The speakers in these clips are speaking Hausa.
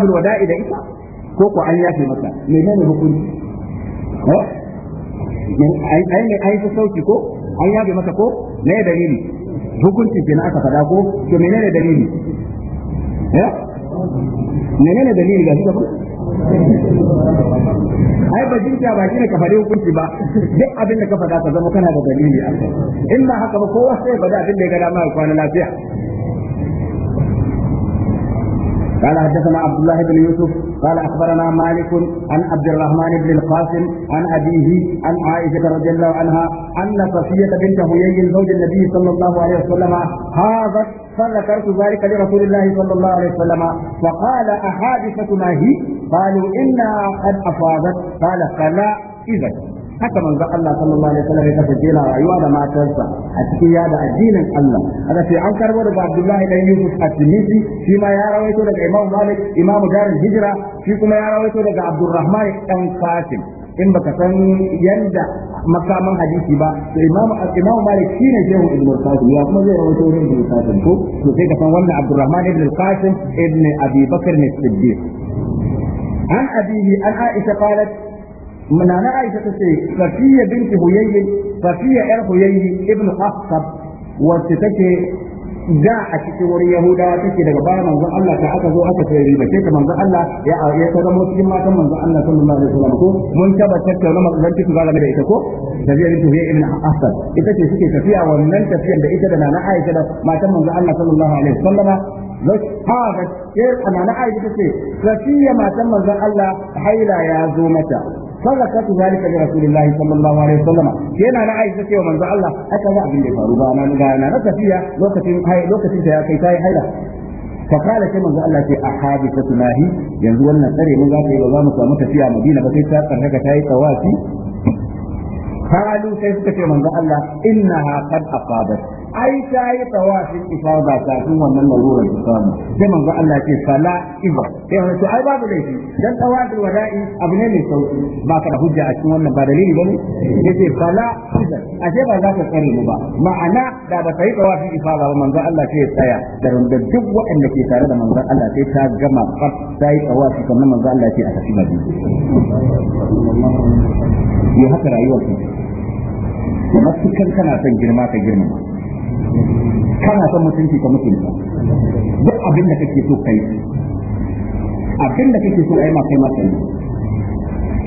abul wada'i كوكو أن يأتي an yafe أين أين hukunci كو أن يأتي ai sauki ko an yafe maka ko ne dalili hukunci ke na aka fada ko to menene dalili eh? menene dalili ai ba jinta ba ne ka faɗi hukunci ba duk abin da ka faɗa ka zama kana da dalili a in ba haka ba kowa sai abin da ya ga dama ya kwana lafiya قال حدثنا عبد الله بن يوسف قال اخبرنا مالك عن عبد الرحمن بن القاسم عن ابيه عن عائشه رضي الله عنها ان صفيه بنت هيي زوج النبي صلى الله عليه وسلم هاضت فذكرت ذلك لرسول الله صلى الله عليه وسلم فقال احادثه ما هي؟ قالوا انها قد افاضت قال فلا اذا haka manzo Allah sallallahu alaihi wasallam ya kasance yana rayuwa da matarsa a cikin yada addinin Allah aka ce an karbo daga Abdullahi dan Yusuf at-Tirmidhi shi ma ya rawaito daga Imam Malik Imam Darul Hijra shi kuma ya rawaito daga Abdurrahman dan Qasim in baka san yanda makaman hadisi ba to imam imam malik shine shehu ibn qasim ya kuma zai rawaito ibn qasim ko to sai ka san wannan abdurrahman ibn al qasim ibn abi bakr as-siddiq an abihi an aisha qalat Aisha منانا عائشة تسي ففية بنت هيي ففية ار هيي ابن أخصب وتتكي da a cikin wurin Yahudawa take daga baya manzon Allah ta aka zo aka sai riba ce ta manzon Allah ya ya ta zama cikin matan manzon Allah sallallahu alaihi wasallam ko mun taba tattauna manzon ki zalla da ita ko tafiya bintu rinto ibn Asad ita ce suke tafiya wannan tafiyar da ita da nana Aisha da matan manzon Allah sallallahu alaihi wasallam zai haɗa sai nana Aisha ta ce tafiya matan manzon Allah haila ya zo mata sarrafa zalika ga rasulullahi sallallahu alaihi wasallam yana na aisha wa manzo Allah aka ga abin da ya faru ba na ga na na tafiya lokacin kai lokacin ya kai ta haila fa kala ke manzo Allah ce ahadithu nahi yanzu wannan tsare mun zata sai ba za mu samu tafiya madina ba sai ta karnaka tayi tawafi qalu sai suka ce manzo Allah innaha qad aqabat ai ta yi tawafin ifada kafin wannan larurar ta samu sai manzo Allah ce fala iba sai wani to ai babu laifi dan tawafin wada'i abu ne mai sauki ba ka da hujja a cikin wannan ba dalili bane yace fala iba ashe ba za ta tsare mu ba ma'ana da ba sai tawafin ifada ba manzo Allah ce tsaya da duk waɗanda ke tare da manzo Allah ta gama kaf ta yi tawafi Allah a tafi madina ya haka matukan kana son girma ka girma kana son mutunci ka mutunta duk abin da kake so kai abin da kake so ai ma kai ma kai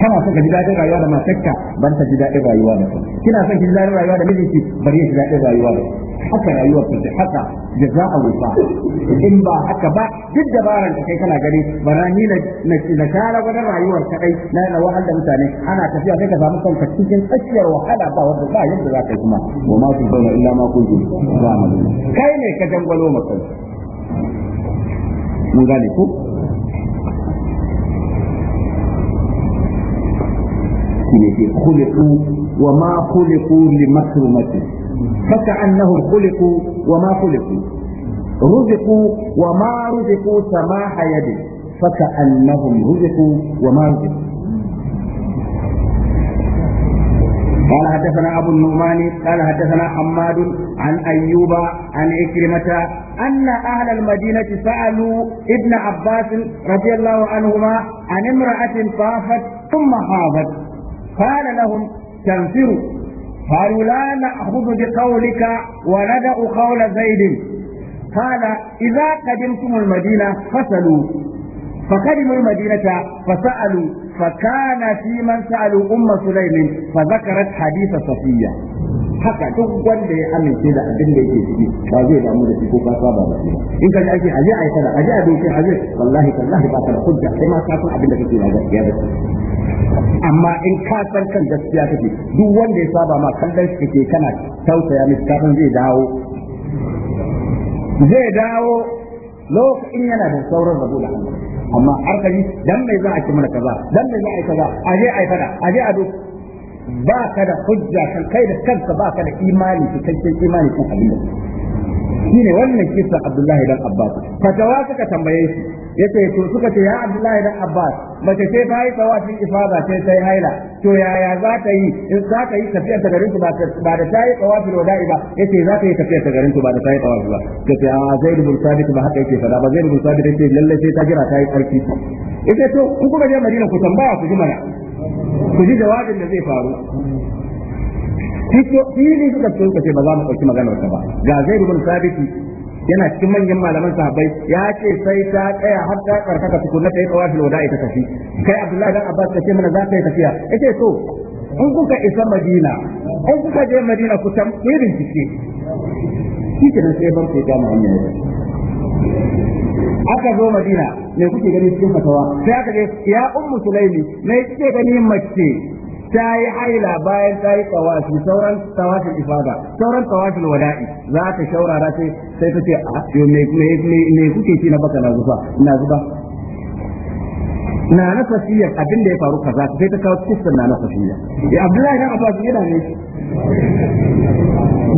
kana son ka ji daɗin rayuwa da matarka ban ta ji daɗin rayuwa da ka kina son ki ji daɗin rayuwa da mijinki bari ya ji daɗin rayuwa da haka rayuwar ta ji haka a wufa in ba haka ba duk dabaran ka kai kana gani barani na na share wajen rayuwar ka na na wahal da mutane ana tafiya sai ka samu kanka cikin tsakiyar wahala ba wanda ba yadda za ka yi kuma wa ma tubauna illa ma kuntum kai ne ka dangwalo maka mun gane ku. شيء خلقوا وما خلقوا لمكرمة فكأنهم خلقوا وما خلقوا رزقوا وما رزقوا سماح يده فكأنهم رزقوا وما رزقوا قال حدثنا أبو النعمان قال حدثنا حماد عن أيوب عن إكرمة أن أهل المدينة سألوا ابن عباس رضي الله عنهما عن امرأة طافت ثم حاضت قال لهم تنفروا قالوا لا نأخذ بقولك وندع قول زيد قال إذا قدمتم المدينة فسألوا فقدموا المدينة فسألوا فكان في من سألوا أم سليم فذكرت حديث صفية haka duk wanda ya amince da abin da yake ciki ba zai damu da shi ko ka saba ba shi in ka ji ake aje a yi sana aje a aje wallahi ba ka da hujja sai ma ka san abin da kake na gaskiya da amma in ka san kan gaskiya kake duk wanda ya saba ma kallon shi kake kana tausaya mai kafin zai dawo zai dawo lokacin yana da sauran rabu da Allah amma har kaji dan mai za a ci mana kaza dan mai za a yi kaza a je a yi fada a je a duk ba ka da hujja kan kai da kanka ba ka da imani cikakken imani kan abin shi ne wannan kisa Abdullahi dan Abbas fatawa suka tambaye shi yace to suka ce ya Abdullahi dan Abbas mace ce ta yi tawafin ifada sai ta yi haila to yaya za ta yi in za ta yi tafiyar ta garin ba da ta yi tawafin wada'i ba yace za ta yi tafiyar ta garin ba da ta yi tawafin ba ce a ah, da bursa sabit ba haka yake fada ba zaid bin sabit yace lalle sai ta jira ta yi tsarki ita to ku kuka je Madina ku tambaya ku ji mana ku ji jawabin da zai faru ne suka ce ba za mu ɗauki maganar ka ba ga zai rubun sabiti yana cikin manyan malaman sahabbai ya ce sai ta tsaya har ta ka tukunna ta yi tsawafin wada'i ta tafi kai abdullahi dan abbas ka ce mana za ka yi tafiya yace to in kuka isa madina in kuka je madina ku tam irin yi bincike shi kenan sai bar ku gama hanyar aka zo madina me kuke gani cikin fatawa sai aka je ya ummu sulaimi me kike gani mace ta yi haila bayan ta yi tawafi sauran tawafin ifada sauran tawafin wada'i za ta shaurara sai sai ta ce ah, me kuke ci na baka na zuba na zuba na na abin da ya faru kaza sai ta kawo kissan na na safiya eh abdullahi dan abbas yana ne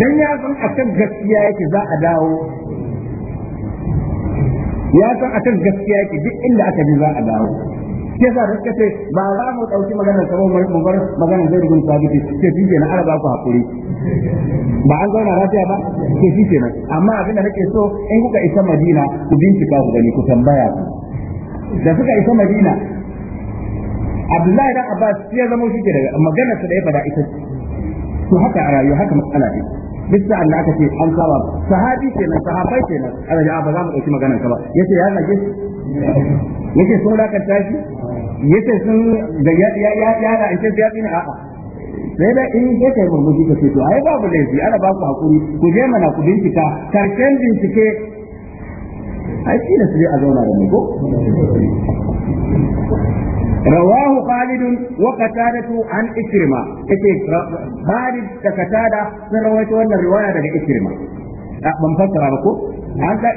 dan ya san akan gaskiya yake za a dawo ya san akan gaskiya yake duk inda aka bi za a dawo yasa da kace ba za mu dauki maganar sa ba mu bar maganar zai rubun sabiti ce shi kenan ana ba ku hakuri ba an zauna lafiya ba ce shi kenan amma abin da nake so in kuka isa Madina ku bincika ku gani ku tambaya ku. da suka isa Madina Abdullahi dan Abbas ya zama shi ke daga maganar sa da ya fada ita to haka a rayuwa haka matsala ne duk sa'an da aka ce an saba sahabi kenan sahabai kenan ana ja ba za mu dauki maganar ka ba yace ya zage yake sun lakanta tashi yake sun da ya ya ya ya da ance sai ya a'a sai da in ya kai murmushi ka ce to ai babu laifi ana ba ku hakuri ku je mana ku bincika karshen bincike ai shi ne sai a zauna da mu ko رواه خالد وقتادة عن إكرمة خالد كقتادة من رواية أن الرواية عن إكرمة Ah, ban fassara ba ko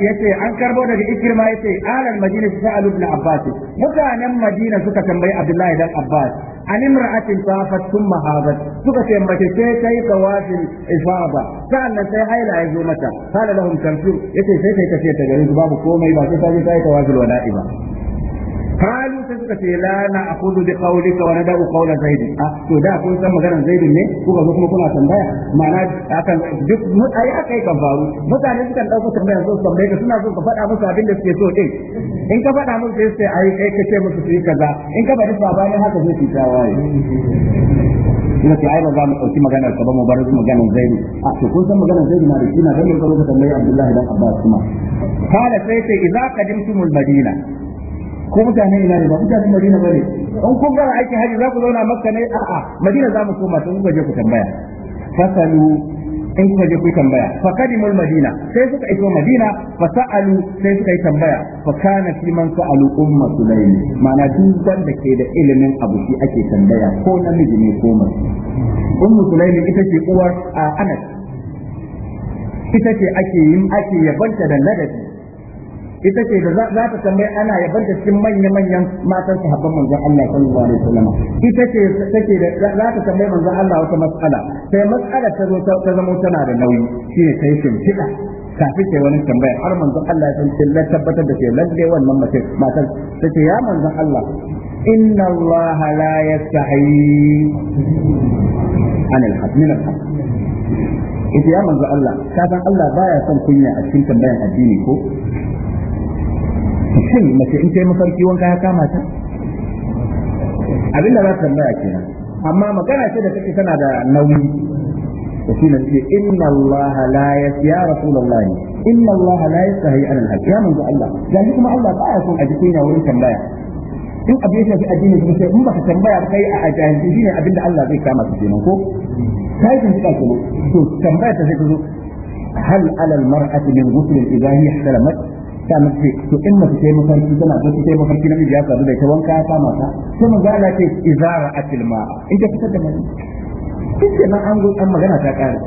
yace an karbo daga ya ce alal madina sa'alu ibn abbas mutanen madina suka tambayi abdullahi dan abbas an imra'atin safat thumma hadat suka ce mace ce kai tawafin ifada sa'annan sai haila ya zo mata qala lahum ya yace sai kai kace ta garin babu komai ba sai ta je ta yi tawafin wada'i ba قالوا sai لا نأخذ بقولك na قول زيد qawlika دا كون qawla zaid a to da kun san maganar zaid ne kuka zo kuma kuna tambaya ma'ana akan duk mutane akai kan faru mutane sukan dauka tambaya zo su tambaye ka suna so faɗa musu abin da suke so din in ka faɗa musu sai sai musu kaza ina ce ai za mu ɗauki maganar ka ba mu bar maganar a to kun san maganar zaini na da shi na da mun ka tambaye Abdullahi dan Abbas kuma sai sai idza قدمتم madina ko mutane ina ne ba mutane Madina bane in kun gara aikin hajji za ku zauna Makka ne a'a Madina za mu koma sun kuka je ku tambaya fasalu in kuka je ku tambaya fa kadimul Madina sai suka iso Madina fa sa'alu sai suka yi tambaya fa kana fi man sa'alu umma sulaimi ma'ana duk da ke da ilimin abu shi ake tambaya ko namiji ne ko mace ummu sulaimi ita ce uwar Anas ita ce ake yin ake yabanta da ladabi ita ce da za ta tambayi ana yaban da cikin manya-manyan matan sahabban manzon Allah sallallahu alaihi wasallam ita ce take da za ta tambayi manzon Allah wata mas'ala sai mas'ala ta zo ta zama tana da nauyi shi ne sai shimfiɗa kafin ta wani tambaya har manzon Allah ya san la tabbatar da cewa lalle wannan mace matan tace ya manzon Allah inna Allah la yastahi an al-haq min al-haq ita ya manzo Allah ka san Allah baya son kunya a cikin tambayan addini ko shin mace in sai mafarki wanka ya kama ta abinda za ka tambaya kenan amma magana ce da take tana da nauyi وفينا إن الله لا يس يا رسول الله إن الله لا يستحي عن الحق يا من الله ذلك ما الله بقى يكون أجتينا ولن تنبايا in abu ya shafi addini kuma sai in baka tambaya ba kai a ajahilci shine abin da Allah zai kama ka kenan ko kai kin kika kenan to tambaya ta sai ta zo hal ala al mar'ati min ghusl idha hiya ihsalamat sannan ce to in mace ta yi mafarki tana da ta yi mafarki na miji ya sadu da ita wanka ya kama ta sai manzo Allah ce izara atil ma'a in ta fitar da mani kike nan an an magana ta kare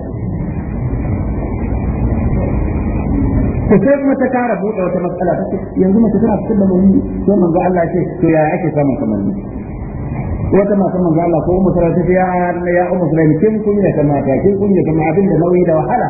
to sai kuma ta kara buɗe wata matsala ta ce yanzu mace tana fitar da mani sai manzo Allah ce to yaya ake samun kamar ni wata mata manzo Allah ko ummu sallallahu alaihi ya ya ummu sallallahu kin kunya kamata kin kunya kamata abin da nauyi da wahala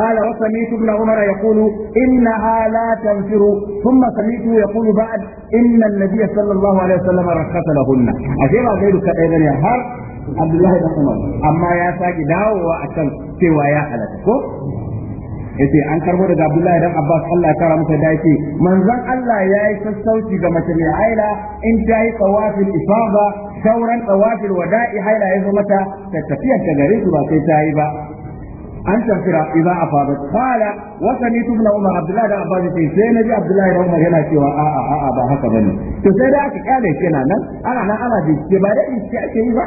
قال وسميت ابن عمر يقول إنها لا تنفر ثم سميته يقول بعد إن النبي صلى الله عليه وسلم رخص لهن أجيب غيرك أيضا يا هر عبد الله بن عمر أما يا ساجي داو وأكل سوى يا yace an karbo daga Abdullahi dan Abbas Allah ya kara masa dace manzon Allah ya yi sassauci ga mace mai haila in ta yi tsawafin ifada sauran tsawafin wada'i haila ya zo mata ta tafiya ta gare su ba sai ta yi ba an tafira idan a faɗa kala wata ni tubna umar abdullahi da abbas sai sai na ji abdullahi da umar yana cewa a'a a'a ba haka bane to sai da aka kyale kenan nan ana nan ana bincike ba da bincike ake yi ba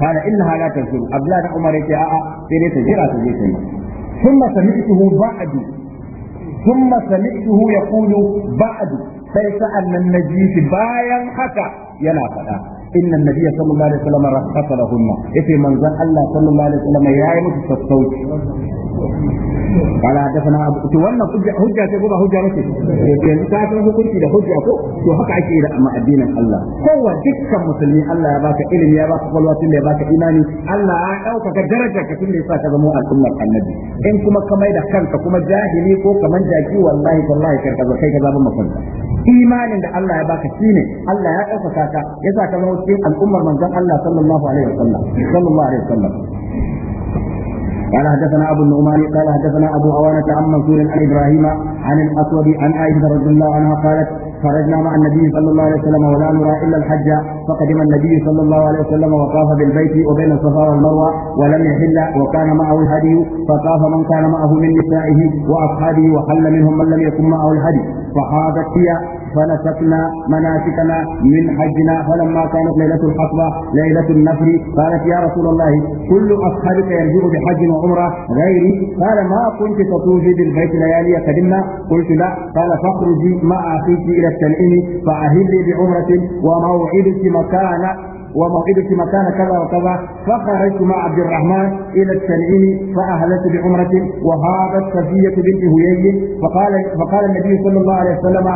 kala innaha ta tafsiru abdullahi da umar yake a'a sai dai ta jira ta je ta yi ثم سمعته بعد ثم سمعته يقول بعد sai sa'an nan na ji bayan haka yana faɗa inna nabiyya sallallahu alaihi wasallam rakhasa lahunna yace manzon Allah sallallahu alaihi wasallam yayi musu sassauci قال حدثنا ابو تو wannan hujja hujja ce ko ba hujja bace yanzu ka san hukunci da hujja ko to haka ake da amma addinin Allah kowa dukkan musulmi Allah ya baka ilimi ya baka kwalwa tun ya baka imani Allah ya dauka ka daraja ka tun da yasa ka zama al'ummar annabi in kuma ka mai da kanka kuma jahili ko kaman jaki wallahi wallahi karka zo kai ka zama mafanka imanin da Allah ya baka shine Allah ya ɗaukaka ka ya sa ka zama cikin al'ummar manzon Allah sallallahu alaihi wasallam sallallahu alaihi wasallam قال حدثنا ابو النعمان قال حدثنا ابو عوانه عن منصور عن ابراهيم عن الاسود عن عائشه رضي الله عنها قالت خرجنا مع النبي صلى الله عليه وسلم ولا نرى إلا الحج فقدم النبي صلى الله عليه وسلم وطاف بالبيت وبين الصفا والمروة ولم يحل وكان معه الهدي فطاف من كان معه من نسائه وأصحابه وحل منهم من لم يكن معه الهدي فحاضت هي فنسكنا مناسكنا من حجنا فلما كانت ليلة الحصبة ليلة النفر قالت يا رسول الله كل أصحابك يرجع بحج وعمرة غيري قال ما كنت تطوفي بالبيت ليالي قدمنا قلت لا قال فاخرجي مع أخيك إلى التنعيم فأهلي بعمرة وموعدك مكان وموعدك مكان كذا وكذا فخرجت مع عبد الرحمن إلى التنعيم فأهلت بعمرة وهابت صفية بنت هيي فقال فقال النبي صلى الله عليه وسلم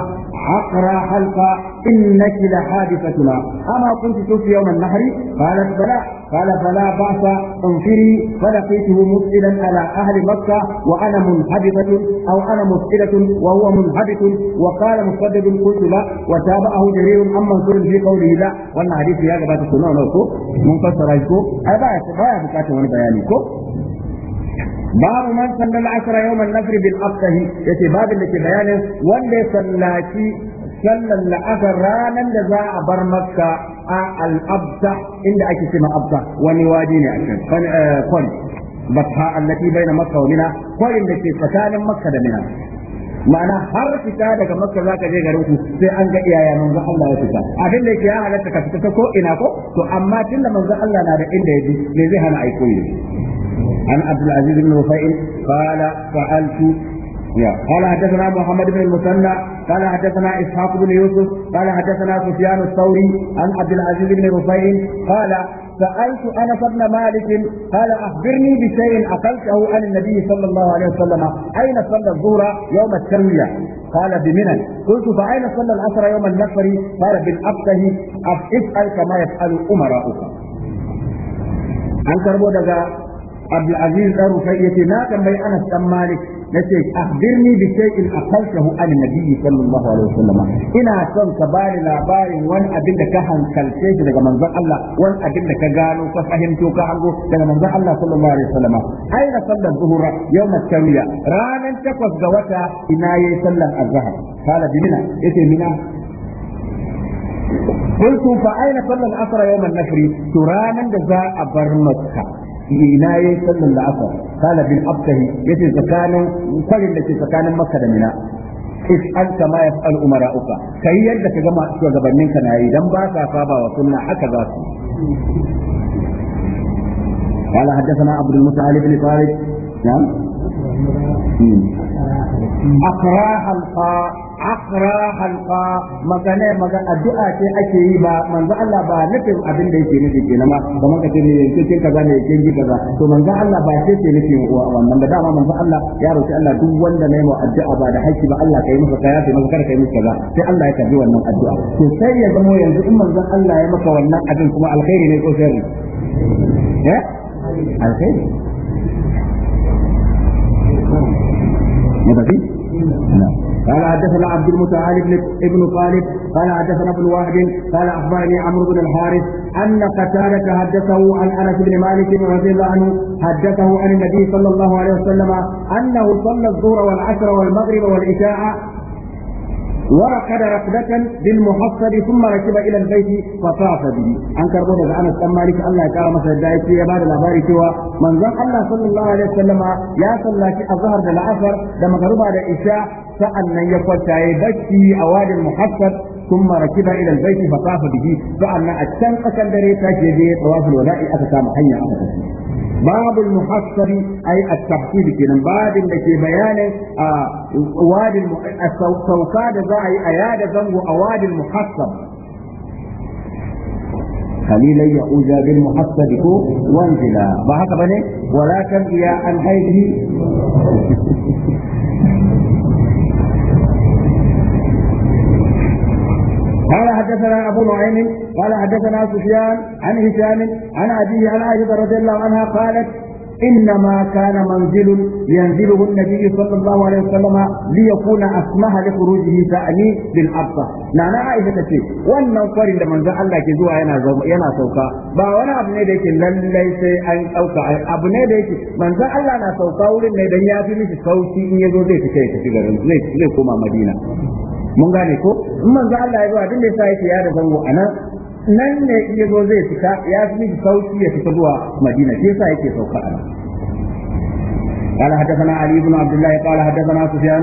عقرى حلقة إنك لحادثتنا أما كنت تشفي يوم النحر قالت بلى قال فلا بأس انفري فلقيته مسئلا على أهل مكة وأنا منهبطة أو أنا مسئلة وهو منهبط وقال مسدد قلت لا وتابعه جرير عن منصور في قوله لا وأن حديث يا جماعة السنة منفصل أيكو أي باية بكاته وانا بيانيكو باب من صلى العصر يوم النفر بالاقصه يتي باب اللي بيان ولا صلاكي sallan la'asar ranar da za a bar maka a al'abda inda ake cewa abda wani waje ne a can eh, kwan bakha allati baina makka wa mina kwarin da ke tsakanin maka da mina ma'ana har fita daga maka za ka je garin su sai an ga iyaya manzo Allah ya fita abin da yake ya halatta ka fita ko ina ko to amma tunda manzo Allah na da inda yaji ne zai hana aiko ne an Abdul Aziz ibn Rufa'il qala fa'altu قال حدثنا محمد بن المثنى قال حدثنا اسحاق بن يوسف قال حدثنا سفيان الثوري عن عبد العزيز بن رفيع قال سألت أنس بن مالك قال أخبرني بشيء أقلته عن النبي صلى الله عليه وسلم أين صلى الظهر يوم التروية قال بمنن قلت فأين صلى العصر يوم النفر قال بالابته اسأل كما يسأل أمراؤك an karbo عبد العزيز بن rufai ما كان بين انس بن مالك nace akhbirni bi shay'in aqaltahu an nabiy sallallahu alaihi wasallam ina son ka bani labarin wani abin da ka hankalce shi daga manzon Allah wani abin da ka gano ka fahimto ka hango daga manzon Allah sallallahu alaihi wasallam aina sallar zuhura yawm at-tawiya ranan takwas ga wata ina yayi sallar azhar kala bimina yace mina قلت فأين صلى العصر يوم النفر ترانا جزاء برمتك ina yayi sallar la'asar kana bin abtahi yace tsakanin kwarin da ke tsakanin maka da mina is an kama ya fa'al umara'uka kai yadda ka gama shugabannin ka yi dan ba ka saba wa sunna haka za su قال حدثنا عبد المتعال بن طارق نعم أقراها akra halqa magana magana addu'a ce ake yi ba manzo Allah ba nufin abin da yake nufi kenan ma kamar ce ne yake kaza ne yake kaza to manzo Allah ba ce ce wa wannan da dama manzo Allah ya roki Allah duk wanda ne mu addu'a ba da haƙƙi ba Allah kai masa kaya kai masa kada kai masa kaza sai Allah ya karbi wannan addu'a to sai ya zama yanzu in manzo Allah ya maka wannan abin kuma alkhairi ne ko sharri eh alkhairi ne ba قال حدثنا عبد المتعالي بن طالب قال حدثنا ابن واحد قال اخبرني عمرو بن الحارث ان قتادة حدثه عن انس بن مالك رضي الله عنه حدثه عن النبي صلى الله عليه وسلم انه صلى الظهر والعشر والمغرب والعشاء وركب ركبة بالمحصل ثم ركب إلى البيت فطاف به عن كربون أنس بن مالك الله يكرم مثلا الدائس يا بعد الأخبار سوى من ظن الله صلى الله عليه وسلم يا صلى الظهر للعصر لما غرب على العشاء sa'annan ya kwanta ya bacci a wadin muhassab ثم ركب الى البيت فطاف به فاما اتن قسم دريتا جدي طواف الوداع اتكام حيا اتكام باب المحصر اي التحصيل كلام باب الذي بيان آه واد السوقاد زاي اياد زنغ اواد المحصر قليلا يعوج بالمحصد وانزلا بحق بني ولا تبقي عن هيده قال حدثنا أبو نعيم قال حدثنا سفيان عن هشام عن أبيه عن عائشة رضي الله عنها قالت إنما كان منزل ينزله النبي صلى الله عليه وسلم ليكون أسمح لخروجه تأني بالأبصى نانا عائشة تشي وانا قرن ده منزل الله كزوا ينا زوم ينا سوكا با وانا ابن ديك للي سي أن أوكا ابن ديك منزل الله نا سوكا ولن ندن يافي مش سوكي إن يزو زي تشي تشي غرم زي كوما مدينة mun gane ko in manzo Allah ya zo abin da yasa yake ya da zango anan nan ne iya zo zai fita ya fi sauki ya fita zuwa Madina shi yasa yake sauka anan قال حدثنا علي بن عبد الله قال حدثنا سفيان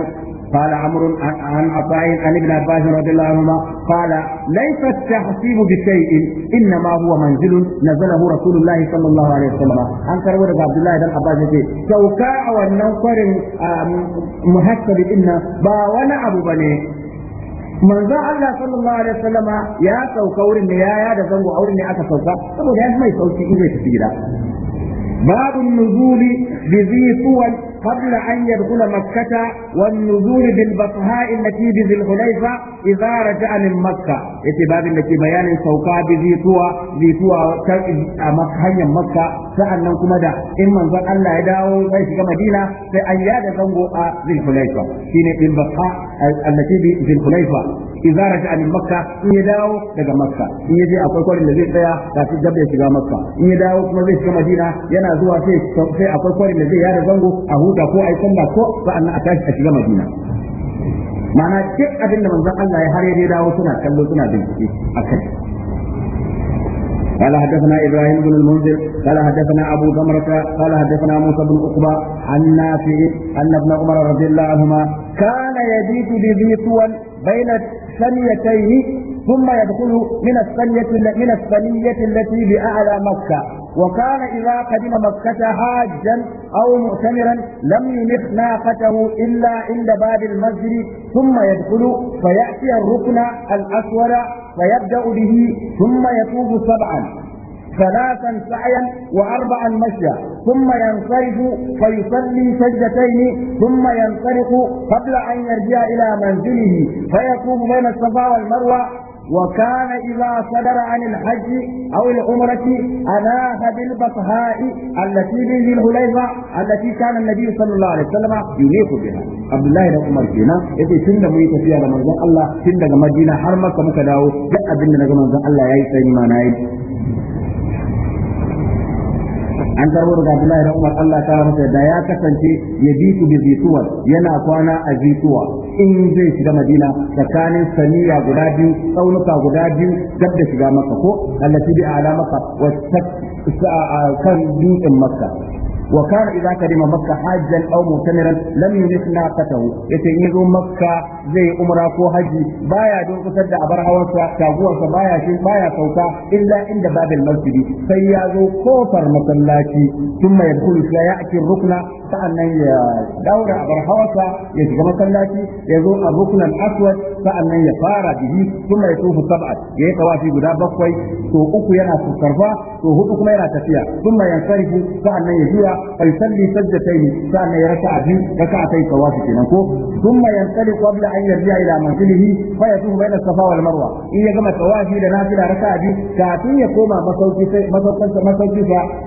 قال عمرو عن عطاء عن ابن عباس رضي الله عنهما قال ليس التحسيب بشيء انما هو منزل نزله رسول الله صلى الله عليه وسلم عن كربو عبد الله بن عباس يقول سوكا والنوكر محسب ان با وانا ابو بني manzo Allah sallallahu alaihi wasallam ya sauka wurin ne ya da zango a wurin ne aka sauka saboda ya mai sauki in zai tafi gida Babu nuzuli bi zi tuwal قبل أن يدخل مكة والنزول بالبطهاء التي بذي الحليفة إذا رجع من مكة اتباب التي بيان سوكا بذي توا ذي توا مكة مكة سألنا كما دا إما أن الله يدعو بيش كمدينة في أن يادة ذي الحليفة في البطهاء التي بذي الحليفة idza raja'a min makka in ya dawo daga makka in ya je akwai kwarin da zai tsaya kafin gaba ya shiga makka in ya dawo kuma zai shiga madina yana zuwa sai sai akwai kwarin da zai yada zango a huta ko a yi sallah ko sa'annan a tashi a shiga madina ma'ana duk abin da manzon Allah ya har ya dawo suna kallo suna bincike akai قال حدثنا ابراهيم بن المنذر قال حدثنا ابو ضمرة قال حدثنا موسى بن عقبة عن نافع ان ابن عمر رضي الله عنهما كان يبيت بذي طول بين الثانيتين ثم يدخل من الثنية من الثنية التي بأعلى مكة وكان إذا قدم مكة حاجا أو مؤتمرا لم يمخ ناقته إلا عند باب المسجد ثم يدخل فيأتي الركن الأسود فيبدأ به ثم يطوف سبعا ثلاثا سعيا واربعا مشيا ثم ينصرف فيصلي سجدتين ثم ينطلق قبل ان يرجع الى منزله فيقوم بين الصفا والمروه وكان إذا صدر عن الحج أو العمرة أناه بالبطهاء التي به الحليفة التي كان النبي صلى الله عليه وسلم يليق بها عبد الله بن عمر فينا يتي تند ميت فيها من الله سند مدينة حرمك كما كداو جاء بنا من الله يا سيدي ما نايد an karbo daga Abdullahi da Umar Allah ta masa da ya kasance ya su bi zituwa yana kwana a zituwa in zai shiga Madina tsakanin saniya guda biyu tsaunuka guda biyu gab da shiga maka ko allati bi ala Makka wa kan dutsen maka. وكان إذا كلم مكة حاجا أو مؤتمرا لم يمس ناقته يتنيز مكة زي أمرا كو حجي بايا دون قصد أبرها وسا كابوا بايا شيء بايا صوتا إلا عند باب المسجد فيازو كوفر مسلاتي ثم يدخل فيأتي الركن Sai ya daura abar hawasa ya shiga masallaci ya zo a rukunan aswad sa'annan ya fara bihi kuma ya tufu sab'a ya yi tsawafi guda bakwai to uku yana karfa to hudu kuma yana tafiya kuma ya sarifu ya juya فيصلي سجدتين كان يركع في ركعتي طواف كنكو ثم ينطلق قبل ان يرجع الى منزله فيطوف بين الصفا والمروه ان يجمع طوافي لنافله ركع في كافي يقوم مسوكي مسوكي مسوكي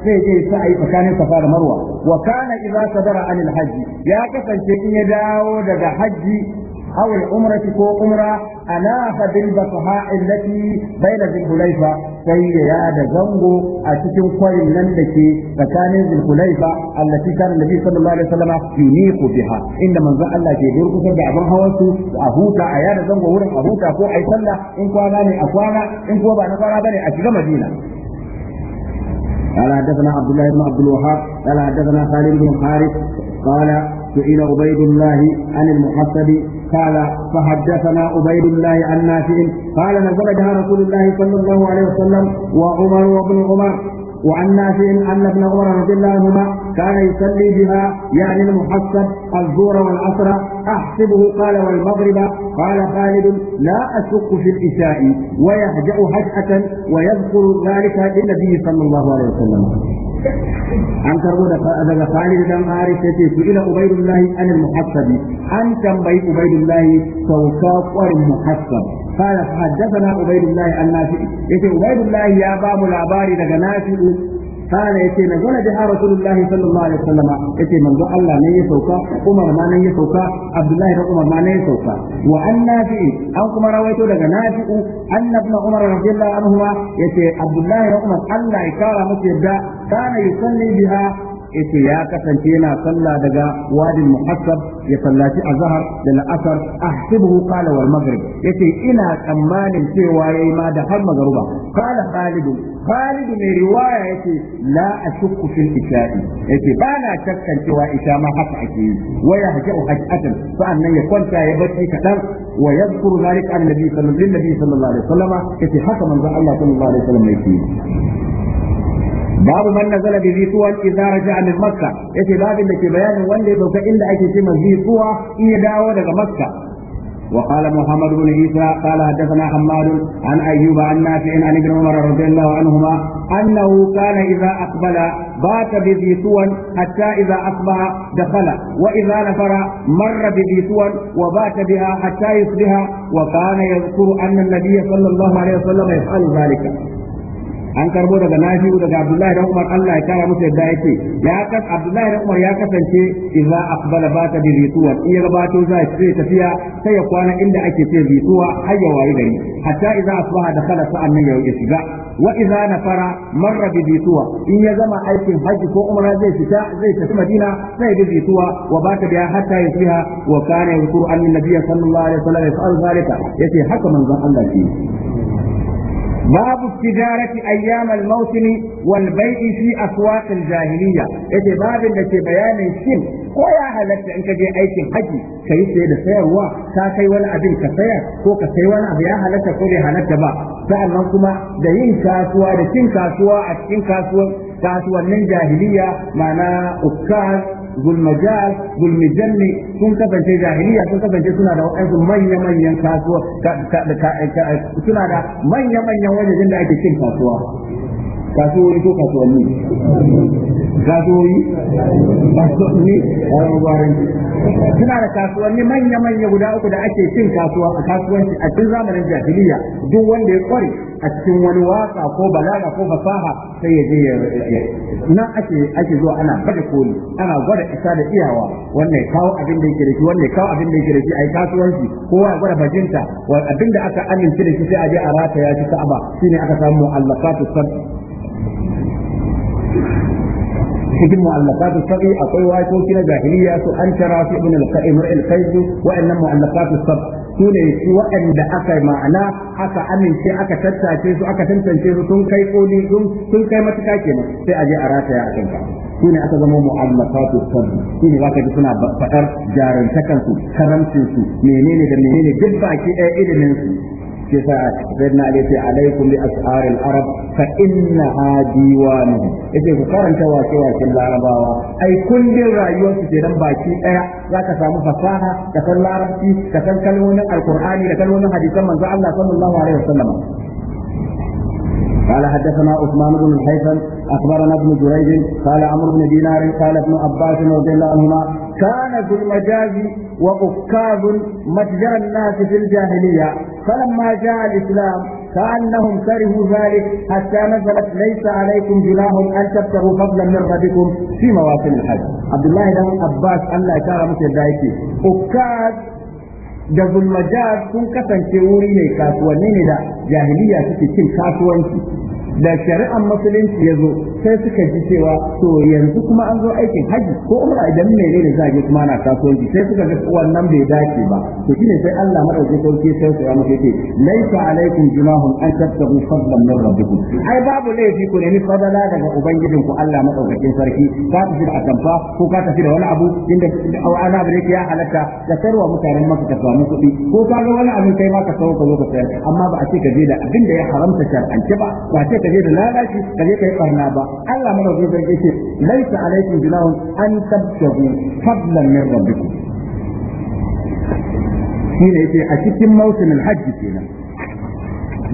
sai je sa'ayi tsakanin safa da marwa wa kana idza sadara anil hajji ya kasance in ya dawo daga hajji aw al umrati ko umra ana fa bil basha allati bayna sai ya yada zango a cikin kwarin nan da ke tsakanin zulhulaifa allati kana nabi sallallahu alaihi wasallam yuniqu biha inda manzon Allah ke gurgusa da abin hawansu a huta a yada zango wurin a huta ko ai sallah in kwana ne a kwana in kuma ba na kwana bane a shiga Madina قال حدثنا عبد الله بن عبد الوهاب قال حدثنا خالد بن حارث قال سئل عبيد الله عن المحسب قال فحدثنا عبيد الله عن نافع قال نزل بها رسول الله صلى الله عليه وسلم وعمر وابن عمر وعن نافع ان ابن عمر رضي الله عنهما كان يصلي بها يعني المحصب الظهر والعصر احسبه قال والمغرب قال خالد لا اشك في الاساء ويهجأ هجأة ويذكر ذلك للنبي صلى الله عليه وسلم an karbo daga farin dan hari sai ce su ila ubaidullahi an muhassabi an tambayi ubaidullahi sauka kwarin muhassab kala haddathana ubaidullahi an nafi yace ubaidullahi ya ba labari daga nafi kala yace na gona da rasulullahi sallallahu alaihi wasallam yace manzo Allah ne ya sauka umar ma ya sauka abdullahi da umar ma ya sauka wa an nafi an kuma rawaito daga nafi annabi umar radiyallahu anhu yace abdullahi da umar Allah ya kara musu yadda kana yusalli biha yace ya kasance yana sallah daga wadin muhassab ya sallaci azhar da la'asar ahsibuhu qala wal maghrib yace ina tsammanin cewa yayi ma da har ruba, qala khalid khalid mai riwaya yace na ashukku fil isha'i yace ba na shakkan cewa isha ma haka ake yi wa yahja'u hajatan sa'annan ya kwanta ya bacci kaɗan, wa yadhkuru zalika an nabi sallallahu alaihi wasallam yace haka manzo Allah sallallahu alaihi wasallam yake babu man nazala bi zikuwa idza raja'a min makka yace babin da ke bayanin wanda ya dauka inda ake ce man zikuwa ya dawo daga maska. wa qala muhammad ibn isa qala hadathana hammad an ayyub an nafi' an ibn umar radiyallahu anhuma annahu kana idza aqbala bata bi zikuwa hatta idza asbaha dakhala wa idza nafara marra bi zikuwa wa bata biha hatta yusbiha wa kana yadhkuru anna an-nabiy sallallahu alayhi wasallam yafalu dhalika an karbo daga nafi'u daga abdullahi dan umar Allah ya kara musu yadda yake ya kan abdullahi dan umar ya kasance idza aqbala bata bi rituwa in ya gabato za ya ce tafiya sai ya kwana inda ake ce rituwa har ya wayi gari hatta idza asbaha sa'an sa'annan ya shiga wa idza nafara marra bi rituwa in ya zama aikin haji ko umra zai fita zai tafi madina sai bi rituwa wa bata biya hatta yusbiha wa kana yadhkuru anna nabiyya sallallahu alaihi wasallam yaf'alu zalika yace haka manzon Allah ke باب التجارة أيام الموسم والبيع في أسواق الجاهلية إذا باب لك بيان الشم ويا هلك أنك جي أيك حجي كي سيد سير وا كاكي ولا أبين كسير كو كسي ولا أبي يا هلك كوري هلك با فأنا كما دين كاسوا دين كاسوا أتين كاسوا kasuwannin jahiliya ma'ana ukkar zulmajal zulmijanni sun kasance jahiliya sun kasance suna da waɗansu manya manyan kasuwa suna da manya manyan wajajen da ake cin kasuwa kasuwoyi ko kasuwanni kasuwoyi kasuwanni a yawan suna da kasuwanni manya-manya guda uku da ake cin kasuwa a kasuwanci a cikin zamanin jahiliya duk wanda ya kware a cikin wani waka ko balaga ko fasaha sai ya je ya nan ake ake zuwa ana bada koli ana gwada isa da iyawa wannan kawo abin da yake da shi wannan kawo abin da yake da shi ai kasuwanci kowa ya gwada bajinta wa abin da aka amince da shi sai a je a rataya shi ka'aba shine aka samu allafatu sabbi cikin mu'allafat sabi akwai waƙoƙi na jahiliya su an tara su ibn al-qayyim al-qayyim wa'annan mu'allafat sabi su ne waɗanda aka ma'ana aka amince aka tattace su aka tantance su sun kai koli sun sun kai matuƙa kenan sai a je a rataya a kanka su ne aka zama mu'allafatu sabi su ne zaka ji suna faɗar jarantakan su karamcin su menene da menene duk baki ɗaya ilimin su yasa sayyidina ali ce alaikum bi ashar al-arab fa innaha diwanuhum yace ku karanta wace wace larabawa ai kundin rayuwarsu su kenan baki ɗaya za ka samu fasaha da kan larabci da kan kalmomin alqur'ani da kalmomin hadisan manzo Allah sallallahu alaihi wasallam قال حدثنا عثمان بن الحيثم اخبرنا ابن جريج قال عمرو بن دينار قال ابن عباس رضي الله عنهما كان في المجاز وأكاب متجر الناس في الجاهلية فلما جاء الإسلام كأنهم كرهوا ذلك حتى نزلت ليس عليكم جناح أن تبتغوا فضلا من ربكم في مواسم الحج عبد الله بن عباس أن لا يكرم مثل ذلك أكاب da المجاز sun kasance wuri ne kasuwanni ne da jahiliya suke cin kasuwanci da shari'ar musulunci ya zo sai suka ji cewa to yanzu kuma an zo aikin haji ko umra idan mene ne za a je kuma ana kasuwanci sai suka ga wannan bai dace ba to shine sai Allah madaukakin sarki sai su ya muke ce laisa alaikum junahun an tabtahu fadlan min rabbikum ai babu laifi ku ni fadala daga ku Allah madaukakin sarki ka tafi da atamfa ko ka tafi da wani abu inda ana abu yake ya halatta ka sarwa mutanen maka ka samu kuɗi ko ka ga wani abu kai ma ka sauka zo amma ba a ce ka je da abin da ya haramta shar'anci ba ba ce ka je da lalaci ka je kai barna ba Allah madaukakin sarki ce laisa alaikum junahun an tabtahu fadlan min rabbikum shine yace a cikin mausimin hajji kenan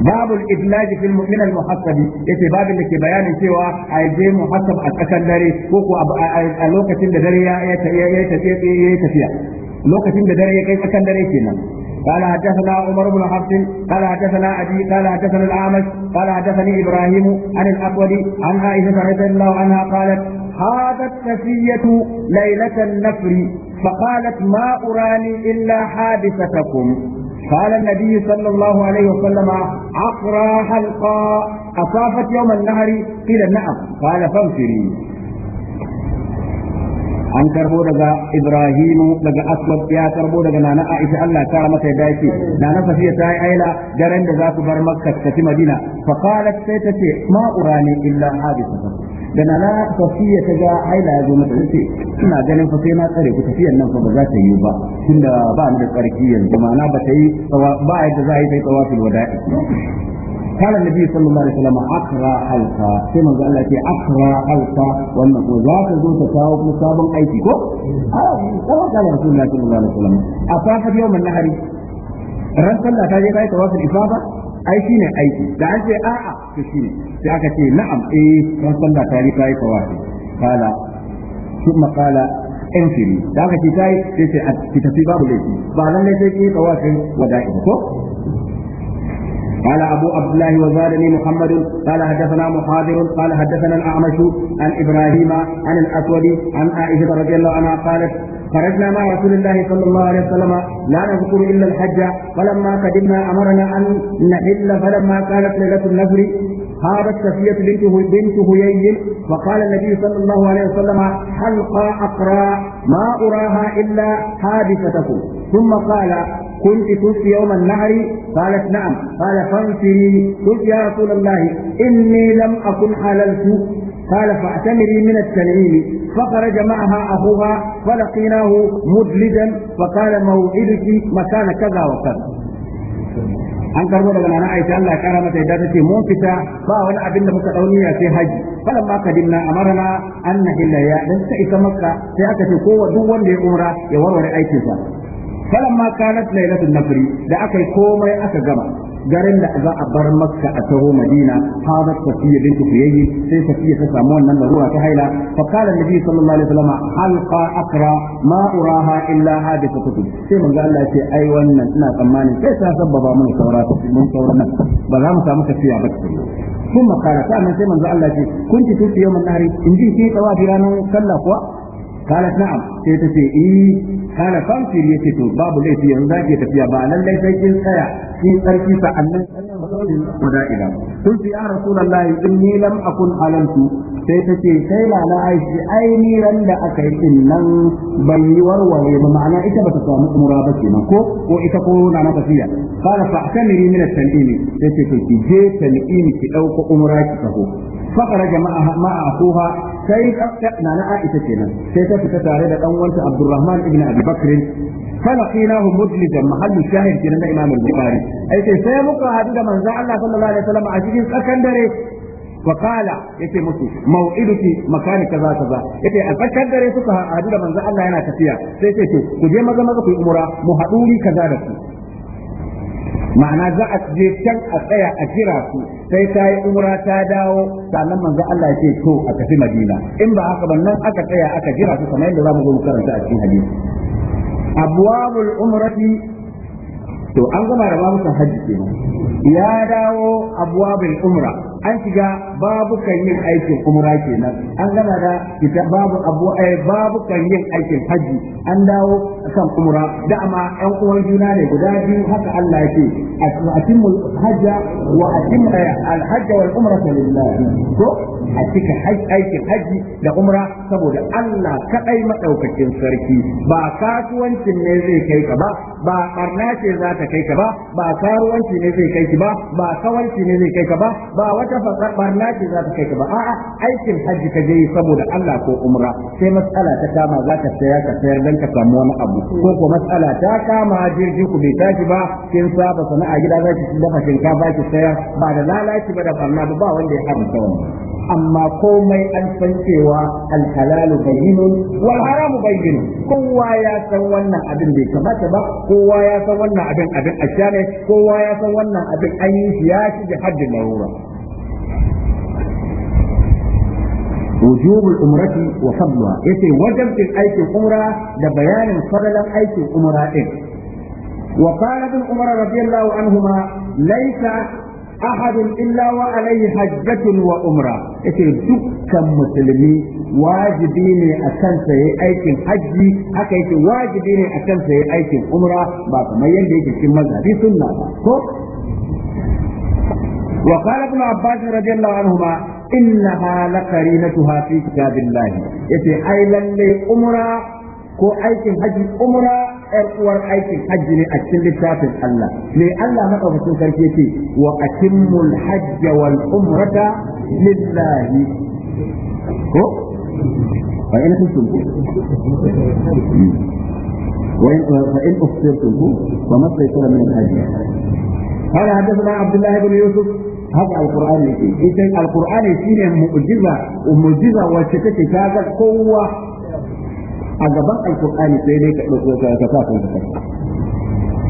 باب الإفلاج في المؤمن المحسب يتي باب اللي كي بيان سوى أيدي محسب أتكن داري كوكو ألوكة داري يتفيا lokacin da dare ya kai tsakan dare kenan قال حدثنا عمر بن حفص قال حدثنا أبي قال حدثنا الأعمش قال حدثني إبراهيم عن الأسود عن عائشة رضي الله عنها قالت حاضت سفية ليلة النفر فقالت ما أراني إلا حادثتكم قال النبي صلى الله عليه وسلم عقرى حلقا أصافت يوم النهر قيل نعم قال فانفري an karbo daga Ibrahimu daga Aswad ya karbo daga Nana Aisha Allah ta mata yadda yake Nana Safiya ta yi aila daren da za su bar Makka ta ci Madina fa qalat sai ta ce ma urani illa hadisa da Nana Safiya ta ga aila ya zo mata ce ina ganin fa sai na tsare ku tafiyan nan fa ba za ta yi ba tunda ba ni da tsarki yanzu ma na ba ta yi ba yadda za a yi sai tawafil wada'i قال النبي صلى الله عليه وسلم اقرا حلقا كما قال لك اقرا حلقا وان وذاك ذو تساو في صاب كو قال رسول الله صلى الله عليه وسلم افاق يوم النهر ran sallah ta je kai tawafin ifada ai shine aiki da an ce a'a to shine sai aka ce na'am eh ran sallah ta je kai tawafi kala ثم قال انفري da aka ce kai sai a tafi babu laifi ba nan ne sai ko قال أبو عبد الله وزادني محمد قال حدثنا محاضر قال حدثنا الأعمش عن إبراهيم عن الأسود عن عائشة رضي الله عنها قالت خرجنا مع رسول الله صلى الله عليه وسلم لا نذكر إلا الحج فلما قدمنا أمرنا أن نحل فلما كانت ليلة النفر هابت سفية بنت بنت هيي وقال النبي صلى الله عليه وسلم حلقى أقرى ما أراها إلا حادثتكم ثم قال كنت كنت يوم النهر قالت نعم قال فانفري قلت يا رسول الله إني لم أكن حللت قال فاعتمري من التنعيم فخرج معها أخوها فلقيناه مدلجا فقال موعدك مكان كذا وكذا an karbo daga nana aisha Allah ya kara mata yadda tace mun fita ba wani abin da muka dauni ya sai haji falan ma kadinna amarna an nahilla ya dan sai isa makka sai aka ce kowa duk wanda ya umra ya warware aikin sa falamma kanat lailatul nafri da yi komai aka gama garin da za a bar maka a taho madina hadat safiya bintu huyayyi sai safiya ta samu wannan ruwa ta haila fa qala annabi sallallahu alaihi wasallam halqa akra ma uraha illa hadithu kutub sai manzo Allah ce ai wannan ina tsammani, sai ta sabbaba mun saura mun saura nan ba za mu samu tafiya ba kuma qala sai manzo Allah ce kunti tufi yawan nahari in ji ke tawafi ranar sallah kuwa قالت نعم sai ta ce eh kana famfir yake to babu laifi yanzu za tafiya ba lallai sai kin tsaya kin tsarki sa'annan wada'ila sun fi ya rasulullahi inni lam akun halantu sai ta ce sai lana aishi ai ni ran da aka yi din nan ban yi warware ba ma'ana ita ba ta samu umra ba ke nan ko ko ita ko na na tafiya qala fa akamiri min at-tanimi sai ce ki je tanimi ki dauko umra ki taho fa kharaja jama'a ma'a akuha sai na na aisha kenan sai ta fita tare da dan wanta Abdurrahman ibn Abi Bakr فلقيناه مجلسا محل الشاهد كنا الامام البخاري اي سي سيبقى هذا من زعل الله صلى الله a cikin عجيب dare. فقال يتي مسي موعدك مكان كذا كذا يتي أتذكر دري سكا هادو من ذا الله ينا تفيا سيتي maza كجي مزا مزا في أمورا kaza da دكي ma'ana za a je can a tsaya a jira su sai ta yi umra ta dawo sannan manzo Allah ce to a tafi Madina in ba haka ba nan aka tsaya aka jira su kamar yadda za mu zo karanta a cikin hadisi abwabul umrati to an gama da babu hajji kenan ya dawo abwabul umra an shiga babu kan yin aikin umra kenan an gana da kita babu abu ai eh, babu kan yin aikin haji an dawo kan umra Da dama ɗan uwan juna ne guda biyu haka Allah yake atimul hajja wa atimul eh, wal umra lillah ko a cika aikin haji da umra saboda Allah kadai madaukakin sarki ba kasuwancin ne zai kai ka ba ba barna ce za ta kai ka ba ba karuwanci ne zai kai ki ba ba kawanci ne zai kai ka ba ba wata barna ce za ta kai ka ba a'a aikin hajji ka je saboda Allah ko umra sai matsala ta kama za ka saya ka sayar dan ka samu wani abu ko ko matsala ta kama jirgi ku bai tashi ba kin saba sana'a gida za ki dafa shinkafa ki sayar ba da lalaci ba da barna ba wanda ya haramta wannan amma komai an san cewa alhalalu bayyinun wal haramu bayyinun kowa ya san wannan abin bai kamata ba kowa ya san wannan abin abin asha ne kowa ya san wannan abin an yi shi ya shi da haddin larura وجوب العمرة وفضلها يتي وجب أيك العمرة لبيان فضل أيك العمرة وقال ابن عمر رضي الله عنهما ليس أحد إلا وعليه حجة وعمرة يتي دكا مسلمي واجبين أكن سي أيك حج حكا يتي واجبين أكن سي أيك عمرة باقي ما يندي في المذهب سنة وقال ابن عباس رضي الله عنهما Inna Kari innaha laqarinatuha fi kitabillah yace ai lalle umra ko aikin haji umra ɗan uwar aikin hajji ne a cikin littafin Allah Me Allah maɗaukacin sarki ce wa atimmul hajja wal umrata lillahi ko fa in kuntum wa in fa in ufsirtum fa ma saytara min al-hajj قال حدثنا عبد الله بن يوسف هذا القرآن الكريم إذا القرآن يقول مؤجزة ومؤجزة وشكك هذا قوة أجب القرآن الكريم لك كفاف الفتاة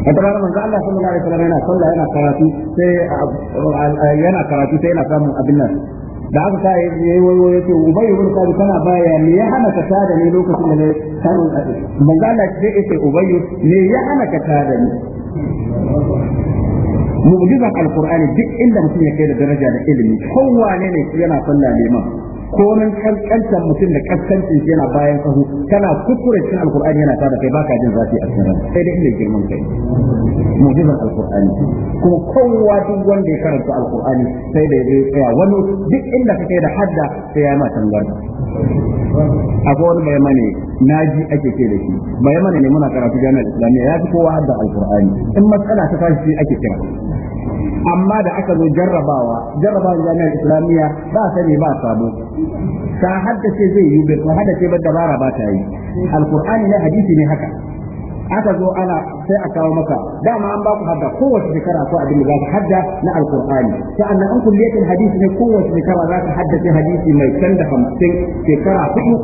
أنت رأى من قال الله صلى الله عليه وسلم هنا صلى هنا قراتي سي انا قراتي سي هنا قام أبي الناس da aka ta yi wai wai yake ubayi wani kaji kana baya me ya hana ka tada ne lokacin da ne sanin a ɗin manzala ce yake ubayi me ya hana ka tada mu'jizan alqur'ani duk inda mutum ya kai da daraja da ilimi kowane ne yana sallah liman nan kankantar mutum da kaskancin yana bayan sahu kana kuskure cikin alqur'ani yana tada kai baka jin zafi a cikin sai dai ne girman kai mu'jizan alqur'ani kuma kowa duk wanda ya karanta alqur'ani sai da ya tsaya wani duk inda kake da hadda sai ya ma tangarda akwai wani bayamane naji ake ce da shi mane ne muna karatu jami'ar islamiyya ya fi kowa hadda alkur'ani in matsala ta tashi ake kira amma da aka zo jarrabawa jarrabawan jami'ar islamiyya ba sani ba sabo ta haddace zai yi bai haddace ba dabara ba ta yi alkur'ani na hadisi ne haka aka zo ana sai a kawo maka dama an ba ku hadda kowace shekara ko abin da za ka hadda na alkur'ani sa'annan an kulliyatin hadisi ne kowace shekara za ka haddace hadisi mai can da hamsin shekara hudu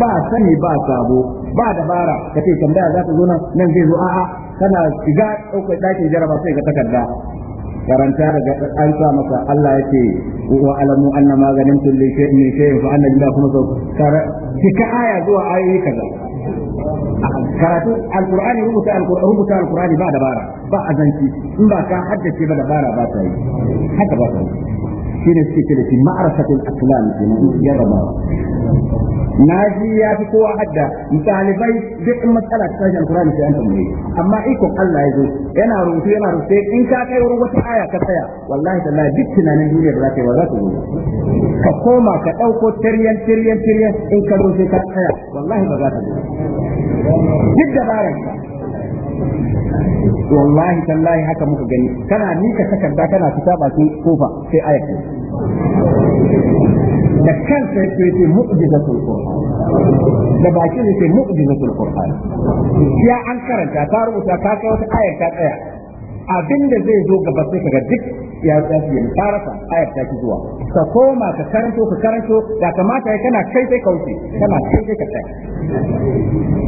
ba sani ba sabo ba dabara ka ce tambaya za ta zo nan nan zai zo a'a kana shiga ɗaukar ɗakin jaraba sai ka takarda karanta daga an sa masa Allah ya ce wa alamu annama ganin tulli shay'in shay'in fa anna lillahi kuma kika aya zuwa ayoyi kaza karatu alqur'ani rubuta alqur'ani rubuta alqur'ani ba dabara ba azanci in ba ka haddace ba dabara ba ta yi haka ba ta yi Shi ne suke ce da shi ma'arafatul aslam kenan Na naji ya fi kowa hadda misalibai duk in matsala ta tashin alkurani sai an tambaye amma iko Allah ya zo yana rubutu yana rubuce in ka kai wurin wata aya ka tsaya wallahi tallahi duk tunanin duniya ba za ka yi ba za ka zo ka koma ka ɗauko tiryan tiryan tiryan in ka zo sai ka tsaya wallahi ba za ka zo duk dabarar wallahi tallahi haka muka gani kana nika takarda kana fita bakin kofa sai ayat da kansa ya ce mu'jizatul qur'an da bakin ya ce mu'jizatul qur'an ya an karanta ta rubuta ta kai wata ayat ta tsaya Abin da zai zo gaba sai kaga duk ya tafi ya ta ayar ta ki zuwa ka koma ka karanto ka karanto da kamata ya kana kai sai kauce kana kai sai ka tsaya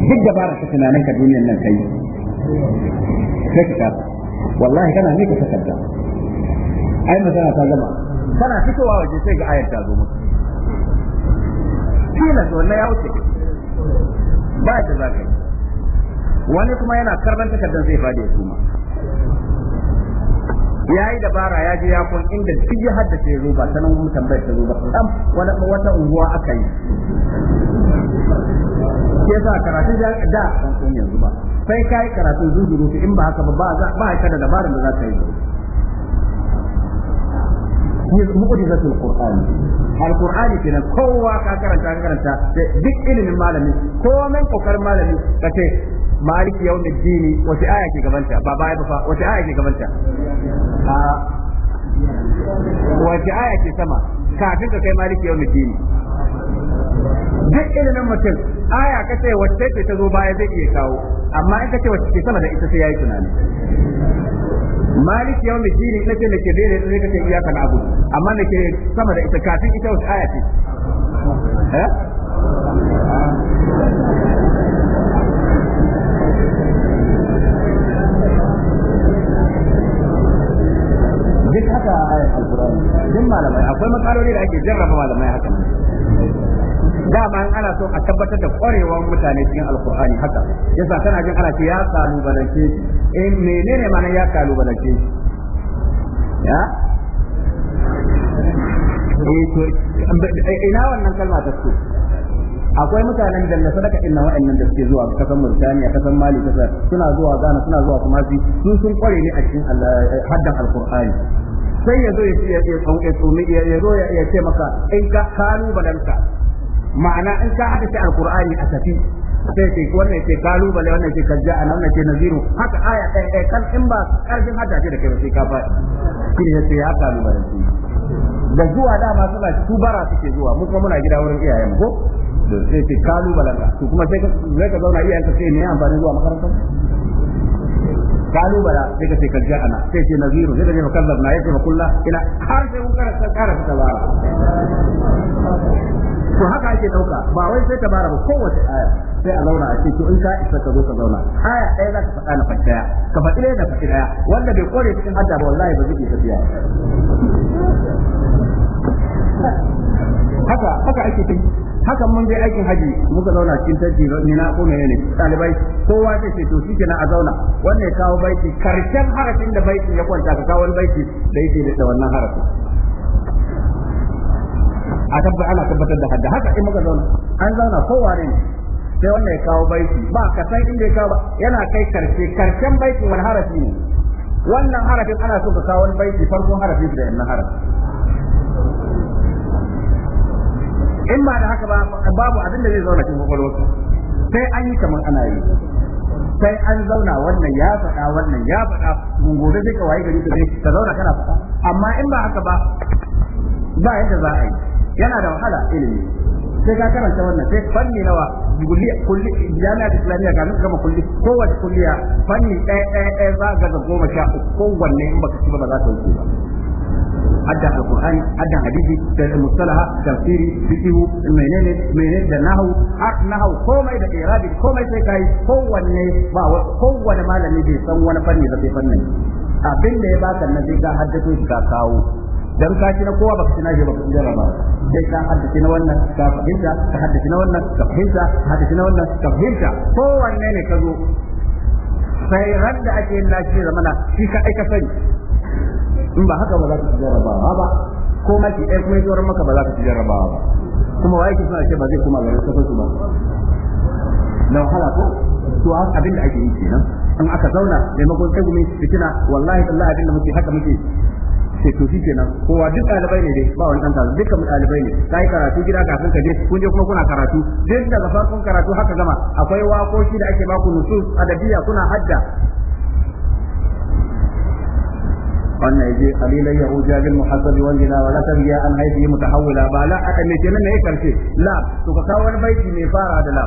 duk da bara ta tunanin ka duniyar nan kai sai ka tsaya wallahi kana ne ka takarda ai magana ta gama kana fitowa waje sai ga ayar ta zo maka kila to na ya wuce ba ka zaka wani kuma yana karbanta kaddan zai fadi ya kuma ya yi dabara ya je ya kun inda duk ya hadda ya zo ba sanan mu tambayar ta ruba ba wani wata unguwa aka yi ke sa karatu da da kun yanzu ba sai kai karatu zuzuru in ba haka ba ba ka da dabarar da za ka yi mu'jizatul qur'an alqur'ani kenan kowa ka karanta ka karanta duk ilimin malami komai kokarin malami kace maliki yawmin dini wace aya ke gabanta ba baya ba wace aya ke gabanta a wace aya ke sama kafin ka kai maliki yawmin dini duk ilimin mutum aya kace wacce ce ta zo baya zai iya kawo amma in kace wacce ke sama da ita sai yayi tunani maliki yawm din ita ce da ke daidai da zai kace iyaka abu amma da ke sama da ita kafin ita wata aya ce eh da ake jarraba malamai haka dama in ana so a tabbatar da kwarewar mutane cikin haka yasa tana jin ana ce ya samu balance in eh, menene mana ya kalubalance shi ya eh, ina wannan kalma ta so akwai mutanen da na sadaka inna wa'annan da suke zuwa kasan Murtaniya kasan Mali kasar suna zuwa Ghana suna zuwa Kumasi su sun kware ne a cikin haddan Alƙur'ani. sai ya zo ya ce ya ya zo ya ce maka in ka kalu kalubalanka ma'ana in ka hada shi Alƙur'ani a tafi sai ce wannan ce kalubale wannan ce kajja an wannan ce naziru haka aya ɗaya ɗaya kan in ba ƙarfin hada ce da kai ba sai ka faɗi shi ne sai ya kalubale da zuwa dama su bara suke zuwa mu kuma muna gida wurin iyayen ko sai ce kalubalen ka to kuma sai ka zauna iyayen ka sai ne amfani zuwa makaranta kalubala sai ka sai ka ana sai ce naziru sai ka ce makazzab na ce makulla ina har sai mun karanta kara su tabara to haka ake dauka ba wai sai ta ba kowace aya sai a zauna a ce to in ka isa ka zo ka zauna aya ɗaya za ka faɗa na faɗi ɗaya ka faɗi ɗaya na faɗi ɗaya wanda bai kore cikin hadda ba wallahi ba zai tafiya haka haka ake tafi haka mun je aikin haji muka zauna cikin tanti ni na ko ne ɗalibai, kowa sai ce to kenan a zauna wanda ya kawo baiti karshen harafin da baitin ya kwanta ka kawo wani baiti da yake da wannan harafin a tabbata ana tabbatar da hadda haka in muka zauna an zauna kowa ne sai wannan ya kawo baiti ba ka san inda ya kawo ba yana kai karshe karshen baiti wani harafi ne wannan harafin ana so ka kawo wani baiti farkon harafi da yannan harafi in ba da haka ba babu abin da zai zauna cikin kwakwalwarka sai an yi kamar ana yi sai an zauna wannan ya faɗa wannan ya faɗa mun gobe sai ka waye gari ka ka zauna kana faɗa amma in ba haka ba ba yadda za a yi yana da wahala ilimi sai ka karanta wannan sai fanni nawa kulliya kulli jami'a islamiyya ga gama kulli kowace kulliya fanni ɗaya ɗaya ɗaya za ga ga goma sha uku kowanne in baka ci ba za ta wuce ba haddan alquran haddan hadisi da mustalaha tafsiri fiqhu menene menene da nahwu har nahwu komai da irabi komai sai kai kowanne ba kowanne malami bai san wani fanni da sai fannin abin da ya baka nan sai ka haddace shi ka kawo dan ka na kowa baka kina na shi baka dara ba sai ka haddace na wannan ka fahimta ka haddace na wannan ka fahimta ka haddace na wannan ka fahimta kowanne ne ka zo sai radda ake yin lashi mana shi ka aika sani in ba haka ba za ka ci jarrabawa ba ko ki ɗaya kuma ya maka ba za ka ci jarrabawa ba kuma wa yake suna ce ba zai koma garin kasar su ba na wahala ko to haka abin da ake yi kenan in aka zauna maimakon tsegumi, fitina wallahi tallahi abin da muke haka muke sai to kenan kowa duk ɗalibai ne dai ba wani ɗan kaza dukkan ɗalibai ne kai karatu gida kafin ka je kun je kuma kuna karatu duk daga farkon karatu haka gama akwai wakoki da ake baku nusus adabiya kuna hadda wannan yaje qalilan yahuja bil muhassab wal jina wa la tabiya an haythi mutahawwila ba la aka me kenan ne karshe la to ka kawo wani baiti mai fara da la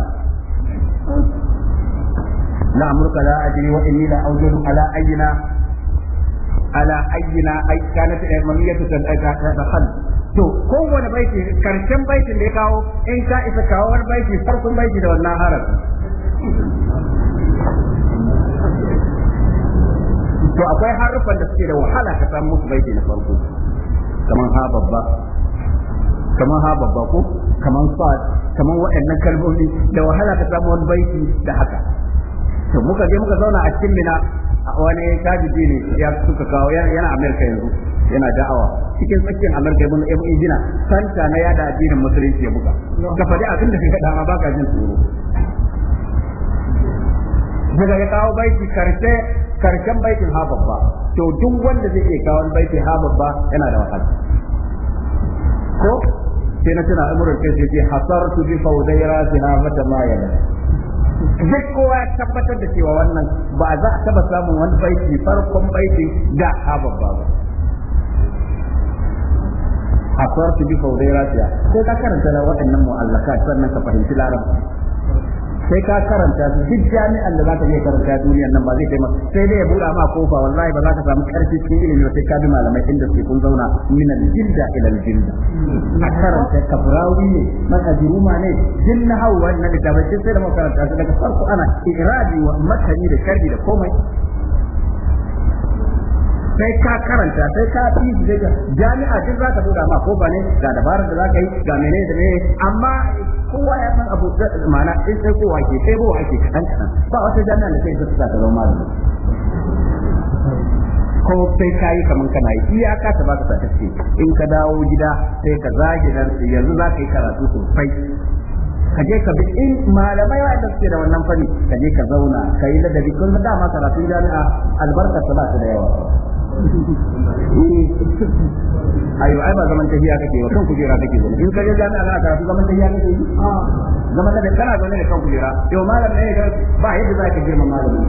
la amurka la ajri wa inni la awjadu ala ayyina ala ayyina ay kanat mamiyatu tadkhal to kowane baiti karshen baitin da ya kawo in ka isa kawo wani baiti farkon baiti da wannan harafi to akwai harufan da suke da wahala ka samu musu baiti na farko kamar ha babba kamar ha babba ko kamar fat, kamar waɗannan kalmomi da wahala ka samu wani baiti da haka to muka je muka zauna a cikin mina wani tajiji ne ya suka kawo yana Amerika yanzu yana da'awa cikin tsakiyar Amerika ibn Ibn Injina santa na yada addinin musulunci ya buga ka faɗi abin da kake dama baka jin tsoro daga ya kawo baiti karshe karshen baitin ha babba to duk wanda zai iya kawo baiti ha babba yana da wahala ko sai na tuna amurin kai sai hasartu bi fawdai rasina mata ma yana duk kowa ya tabbatar da cewa wannan ba za a taba samun wani baiti farkon baiti da haɓar ba a kwarci bi faudai rafiya sai ka karanta waɗannan mu'allaka sannan ka fahimci larabci sai ka karanta su duk jami'an da zaka je karanta duniyar nan ba zai taimaka sai dai ya buɗa ma kofa wallahi ba za ka samu karfi cikin ilimi sai ka bi malamai inda suke kun zauna min al-jilda ila al-jilda a karanta kafrawi ne makajiruma ne jinna hawa na da tabbaci sai da makaranta su daga farko ana irabi wa makani da sharri da komai sai ka karanta sai ka fi daga jami'a duk za ta buɗa ma ko ba ne ga dabarar da za ka yi ga mene da mene amma kowa ya san abu ma'ana in sai kowa ke sai kowa ake kan kan ba wata jami'a da sai ta ta zama malami ko sai ka yi kamar kana yi iyaka ta ba ka ta ce in ka dawo gida sai ka zage nan yanzu za ka yi karatu sosai ka je ka bi in malamai da suke da wannan fani ka je ka zauna ka yi ladabi kun da ma karatu jami'a albarka ta ba ta da yawa Eh. ayo ai ba zaman tafiya kake ba kan kujera kake zo in kaje jami'a za ka karatu zaman tafiya kake A ah. zaman da kana zo ne kan kujera yau malam ne ba yadda za ka girma malamin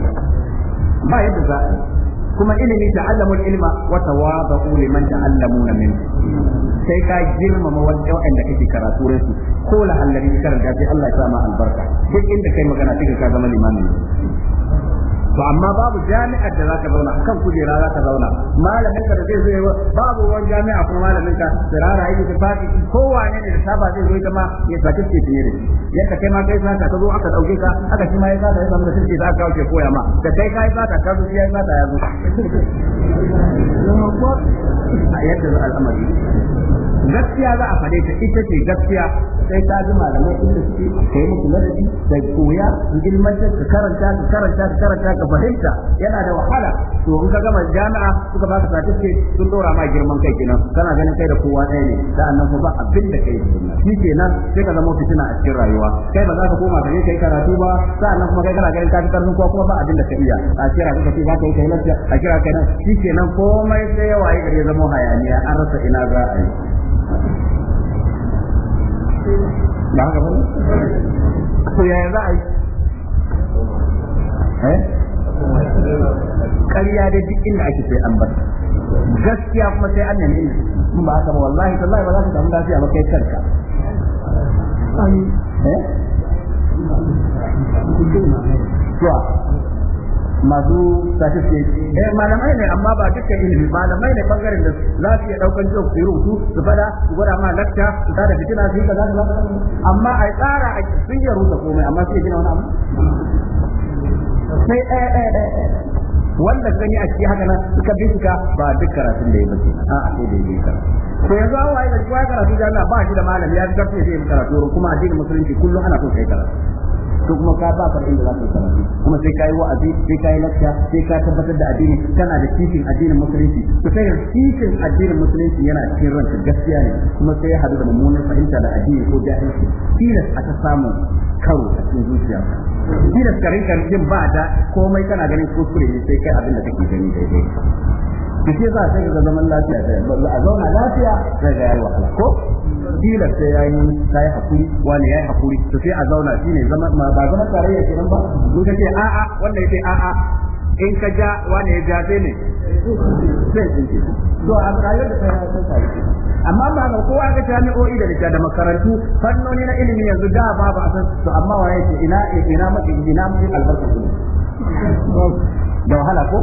ba yadda za kuma ilimi ta'allamul ilma wa tawadu liman ta'allamuna min sai ka girmama wanda kake karatu rasu ko la hallari karar da sai Allah ya sa ma albarka duk inda kai magana kika ka zama limami to amma babu jami'ar da zaka zauna kan kujera zaka zauna malamin ka da zai zo babu wani jami'a kuma malamin ka sirara yi ta fadi kowane ne da saba zai zo ita ma ya saki ce ne da yadda kai ma kai zaka ka zo aka dauke ka aka shi ma ya zaka ya samu da shirki za ka kawo ke koya ma da kai kai zaka ka zo ya zaka ya zo yadda al'amari gaskiya za a fade ta ita ce gaskiya sai ta ji malamai inda suke kai musu ladabi da koya ilmantar ka karanta ka karanta ka karanta ka fahimta yana da wahala to in ka gama jami'a suka baka certificate sun dora ma girman kai kenan kana ganin kai da kowa ɗaya ne da annan ba abin da kai sunna shi kenan sai ka zama fitina a cikin rayuwa kai ba za ka koma ka kai karatu ba sa'annan kuma kai kana ganin ka fi karfin kowa kuma ba abin da ka iya a kira ka ce za ka yi kai lafiya a kira kai nan shi kenan komai sai ya waye gari zama hayaniya an rasa ina za a yi ba haka bane to yaya za eh? inda ake sai an gaskiya kuma sai an nemi inda in ba haka ba wallahi tallahi ba za ka samu lafiya ba kai kanka eh masu certificate eh malamai ne amma ba dukkan ilimi malamai ne bangaren da za su iya daukan jiya su yi rubutu su fada su gwada ma lakta su tada fitina su yi kaza kaza amma a tsara a sun yi rubuta komai amma su sai gina wani abu sai eh eh eh, eh wanda yi a cikin haka nan suka bincika ba duk karatun da ya bace a a sai da ya karatu to yanzu an waye da kowa karatu jami'a ba shi da malami ya fi karfi sai ya karatu kuma a addinin musulunci kullum ana so sai karatu to kuma ka ba ka inda za ka karatu kuma sai kai wa'azi sai kai lakka sai ka tabbatar da addini kana da cikin addinin musulunci to sai cikin addinin musulunci yana cikin ranka gaskiya ne kuma sai ya hadu da mummunan fahimta da addini ko jahilci tilas aka samu karo a cikin zuciya tilas ka rinka jin ba da komai kana ganin kuskure ne sai kai abin da kake gani daidai da ke za sai ga zaman lafiya a zauna lafiya sai ga yayi wahala ko tilas sai yayi sai hakuri wani yayi hakuri to sai a zauna shi ne zama ba zama tarayya ke nan ba in ka ce a'a wanda yake a'a in ka ja wani ya ja sai ne sai in ce to a rayuwar da kai sai ya sai amma ba ga kowa ga jami'o'i da da makarantu fannoni na ilimi yanzu da ba ba san to amma waye ce ina ina maki ina maki albarka da wahala ko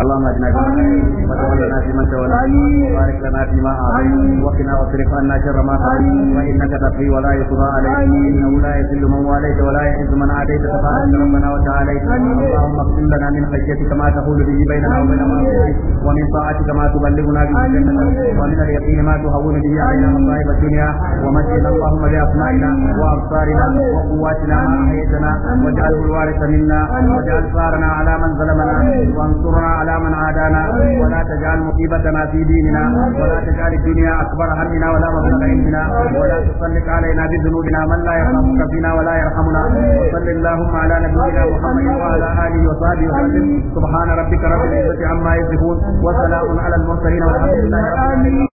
اللهم اجعلنا بمن وتولنا بمن توليت وبارك لنا فيما اعطيت وقنا واصرف عنا شر ما قضيت فانك تقضي ولا يقضى عليك انه لا يذل من واليت ولا يعز من عاديت تبارك ربنا وتعاليت اللهم اقسم لنا من خشيتك ما تحول به بيننا وبين معصيتك ومن طاعتك ما تبلغنا به جنتك ومن اليقين ما تهون به علينا مصائب الدنيا ومسجد اللهم باسمائنا وابصارنا وقواتنا ما احييتنا واجعله الوارث منا واجعل ثارنا على من ظلمنا وانصرنا على من عادانا ولا تجعل مصيبتنا في ديننا ولا تجعل الدنيا أكبر همنا ولا مبلغ علمنا ولا تسلط علينا بذنوبنا من لا يرحمك فينا ولا يرحمنا وصل اللهم على نبينا محمد وعلى آله وصحبه وسلم سبحان ربك رب العزة عما يصفون وسلام على المرسلين والحمد لله